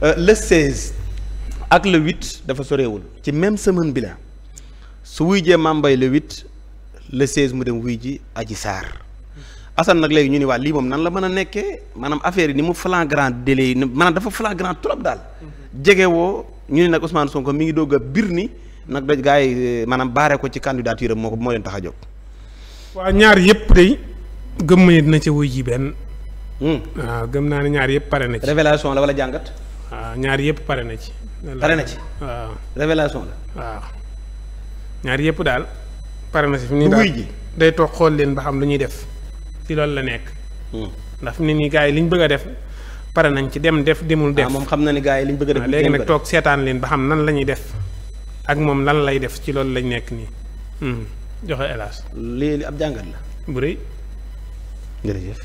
Euh, le 16 ak le 8 dafa sorewul ci même semaine bi la su wuy jee mambay le 8 le 16 mu dem wuy ji aji saar Assane nag léegi ñu ni waa lii moom nan la mën a nekkee maanaam affaire yi ni mu flagrant délai maanaam dafa flagrant trop daal jegewoo ñu ne nag Ousmane Sonko mi ngi doog a bir ni nag daj gars yi euh, maanaam baare ko ci candidature am moo ko moo leen tax a jóg. waaw ñaar yëpp day gëm ma ne dina ca wuy ji benn. Hmm. waaw gëm naa ne ñaar yëpp pare na ci. révélation la wala jàngat. waaw ah, ñaar yëpp pare na ci. pare na ci waaw. révélation la. waaw yëpp daal pare na si. fi mu daal ji day toog xool leen ba xam lu ñuy def si loolu la nekk. Hmm. ndax mu ne nii gars yi li ñu bëgg a def pare nañ ci dem def demul def. Ah, moom xam na ni gars yi li ñu bëgg a def. Ah, léegi nag toog seetaan leen ba xam nan la ñuy def ak moom lan lay def ci loolu lañ nekk nii hmm. joxe hélas. lii ab jàngat la bu rëy. jërëjëf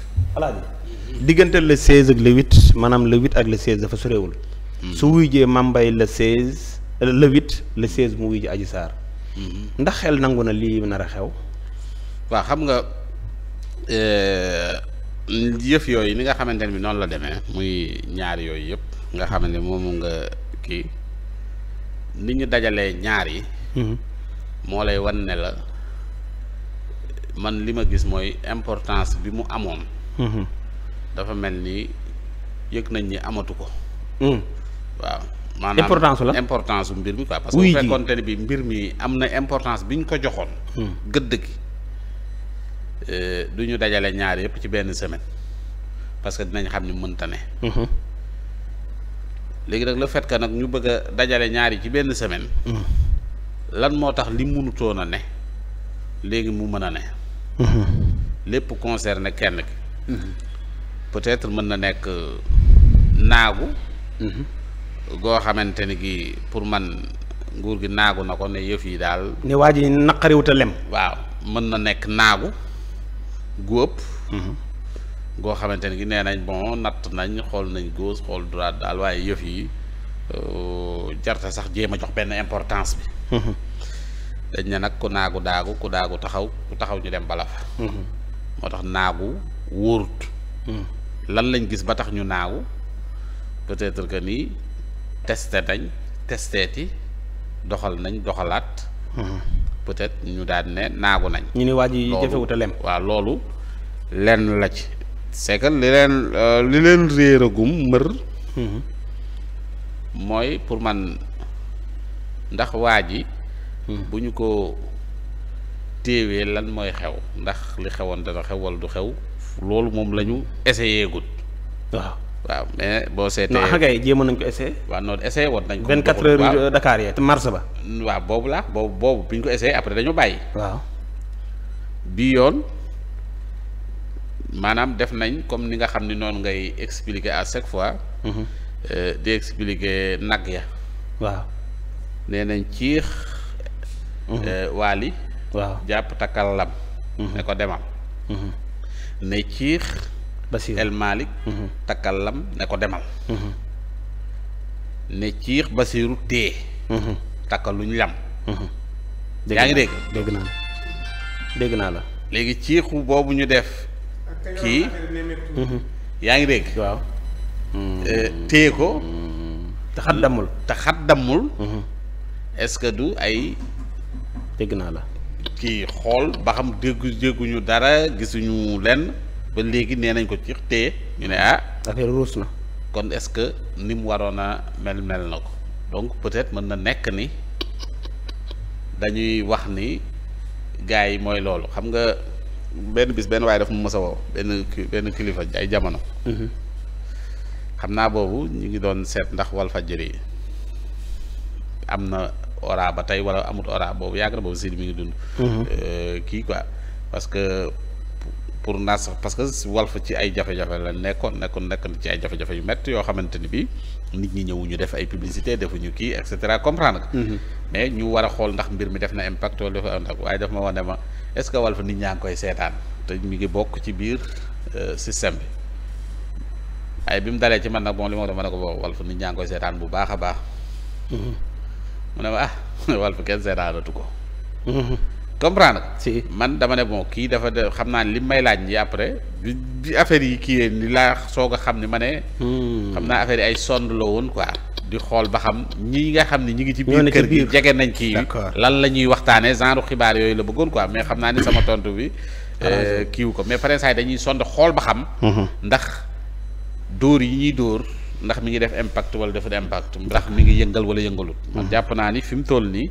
diggante le 16 ak le 8 maanaam le 8 ak le 16 dafa soreewul hmm. su wuy jee mambay le 16 euh, le 8 le 16 mu wuy ji aji saar hmm. ndax xel nangu na lii nar a xew waa xam nga euh, yëf yooyu ni nga xamante ne bi noonu la demee muy ñaar yooyu yëpp nga xamante ne moom nga kii ni ñu dajale ñaar yi hmm. moo lay wan ne la man li ma gis mooy importance bi mu amoon. Mhm. dafa mel ni yëg nañ ni amatu ko. Mhm. waaw maanaam importance la importance bu mbir parce que bu fekkoonte ne bi mbir mi am na importance bi ñu ko joxoon. Mhm. gëdd gi euh, du ñu dajale ñaar yëpp ci benn semaine parce que dinañ xam ni mënta ne. léegi nag la fait que nag ñu bëgg a dajale ñaar ci benn semaine. lan moo tax li mënutoon a ne léegi mu mën a ne. lépp concerné kenn ki mm-hmm. peut-être mën na nekk naagu mm-hmm. goo xamante ni gi pour man nguur gi naagu na ko ne yëf yi daal ne waa ji naqariwut a lem waaw mën na nekk naagu gu ëpp mm-hmm. goo xamante ni gi nee nañ bon natt nañ xool nañ gauche xool droite daal waaye yëf yi euh, jarta sax jéem a jox benn importance bi dañ ne nag ku naagu daagu ku daagu taxaw ku taxaw ñu dem bala mhm. moo tax naagu wóorut mhm. lan lañ gis ba tax ñu naagu peut-être que nii testé dañ testeeti doxal nañ doxalaat mhm. peut-être ñu daan ne naagu nañ ñu ni waa ji jafewuta lem waaw loolu lenn la ci c'est que li leen euh, li leen réeragum mër mooy pour man ndax waa ji bu ñu ko téewee lan mooy xew ndax li xewoon dana xew wala du xew loolu moom la ñu essayé gut waaw waaw mais boo seetee non xagay jéemoon nañ ko essayé waaw noonu essayé woon nañ ko 24 heures Dakar yee mars ba waaw boobu la boobu boobu bi ñu ko essayé après dañu bàyyi waaw bi yoon maanaam def nañ comme ni nga xam ni noonu ngay expliquer à chaque fois mhm. euh, di expliquer nag ya waaw nee nañ ciix Mhm. Eh, waali waaw jàpp mhm. mhm. takkal lam ne ko demal ne ciix takkal lam ne ko demal ne ciix basiiru tée takkal luñ lam yaa ngi dégg dégg naa dégg la léegi ciixu boobu ñu def kii yaa ngi dégg waaw eh, téye ko taxat dammul taxat dammul est ay dégg naa la. kii xool ba xam déggu dégguñu dara gisuñu lenn ba léegi nee nañ ko ci te ñu ne ah. affaire ruus na. kon est-ce que ni mu waroon a mel mel na ko donc peut-être mën na nekk ni dañuy wax ni gars yi mooy loolu xam nga benn bis benn waaye daf mu mës a woo benn kilifa ay jamono. Mm-hmm. xam naa boobu ñu ngi doon seet ndax Walfadjri am na. ora ba tey wala amut ora boobu yàgg na boobu Sidi mi ngi dund. Mhm. Euh, kii quoi parce que pour nas parce que Walf ci ay jafe-jafe la nekkoon nekkoon nekk ci ay jafe-jafe yu métti yoo xamante ni bi nit ñi ñëwuñu def ay publicité defuñu kii et cetera comprendre mhm. mais ñu war a xool ndax mbir mi def na impact wala dafa waaye daf ma wane ma est ce que Walf nit ñaa ngi koy seetaan te mi ngi bokk ci biir euh, système bi. ay bi mu dalee ci man nag bon li ma ko doon na a ko wax Walf nit ñaa ngi koy bu baax a baax. Mhm. mu ne ma ah Walf kenn seetaanatu ko. Mm-hmm. comprendre nga. si man dama ne bon kii dafa de xam naa ne li may laaj nii après bi bi affaire yi kii ni laa soog a xam ni ma ne. Hmm. xam naa affaire yi ay sond la woon quoi. di xool ba xam ñii nga xam ni ñi ngi ci biir kër gi jege nañ kii lan la ñuy waxtaanee genre xibaar yooyu la bëggoon quoi mais xam naa ni sama tontu bi. Ah, euh, kiiw ko mais pare dañuy sond xool ba xam. Mm-hmm. ndax dóor yi ñuy dóor. ndax mi ngi def impact wala deful impact ndax mi ngi yëngal wala yëngalut man jàpp naa ni fi mu toll nii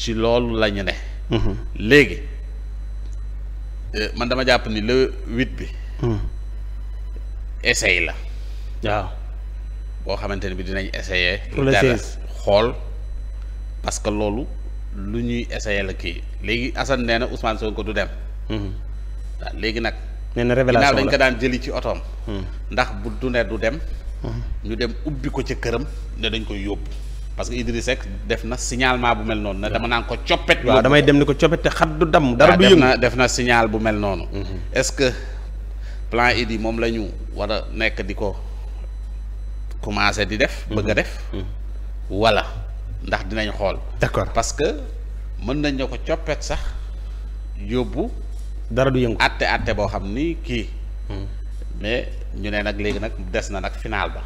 ci loolu la ñu ne mhm. léegi man dama jàpp ni le huit bi mhm. essai la waaw boo xamante ne bi dinañ essayer dara xool parce que loolu lu ñuy essayer la kii léegi Assane nee na Ousmane ko du dem mhm. waaw léegi nag nee na révélation la dañ ko daan jëli ci otoom ndax bu du ne du dem ñu dem ubbi ko ca këram ne dañ koy yóbbu parce que Idriss Seck def na signalement bu mel noonu. na dama naa ko coppet. waaw damay dem ni ko coppet te xat du dam. dara du yëngu def na def na signal bu mel noonu. Mhm. est-ce que plan Idy moom la ñu war a nekk di ko commencer di def. Mhm. bëgg a def. wala mhm. ndax dinañ xool. d'accord parce que mën nañ ne ko coppet sax yóbbu. dara du yëngu àtte àtte boo xam ni kii. mais ñu ne nag léegi nag des na nag finaal ba.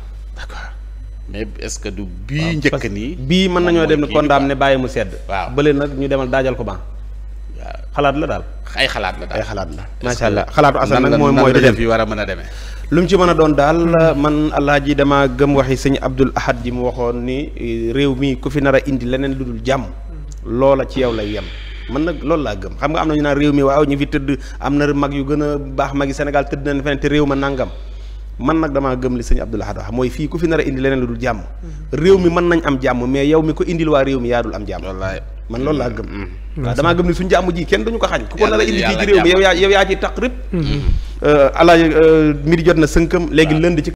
mais est-ce que du. bii njëkk nii bii mën nañoo dem ni ne bàyyi mu sedd. waaw bële nag ñu demal daajal ko ban. xalaat la daal. ay xalaat la daal ay xalaat la. macha allah xalaatu asa nag mooy mooy. def yi war a mën a demee. lu mu ci mën a doon daal man ji dama gëm waxi sëñ Abdul Ahad ji mu waxoon ni eh, réew mi ku fi nar a indi leneen lu dul jàmm. loola ci yow lay yem. man nag loolu laa gëm xam nga am na ñu naan réew mi waaw ñu fi tëdd am na mag yu gën a baax magi Sénégal tëdd nañ feneen te réew ma nangam man nag dama gëm li sëñ Abdou Lahad wax mooy fii ku fi nar a indi leneen lu dul jàmm mm-hmm. réew mi mën nañ am jàmm mais yow mi ko indil waa réew mi yaa dul am jàmm wallaay man loolu laa gëm mm-hmm. waaw damaa gëm ni suñu jàmm ji kenn duñu ko xañ ku ko nar a indi fii ci réew mi yow yaa yow yaa ci taq rëpp mm-hmm. euh, euh, jot na sënkam léegi ah. lënd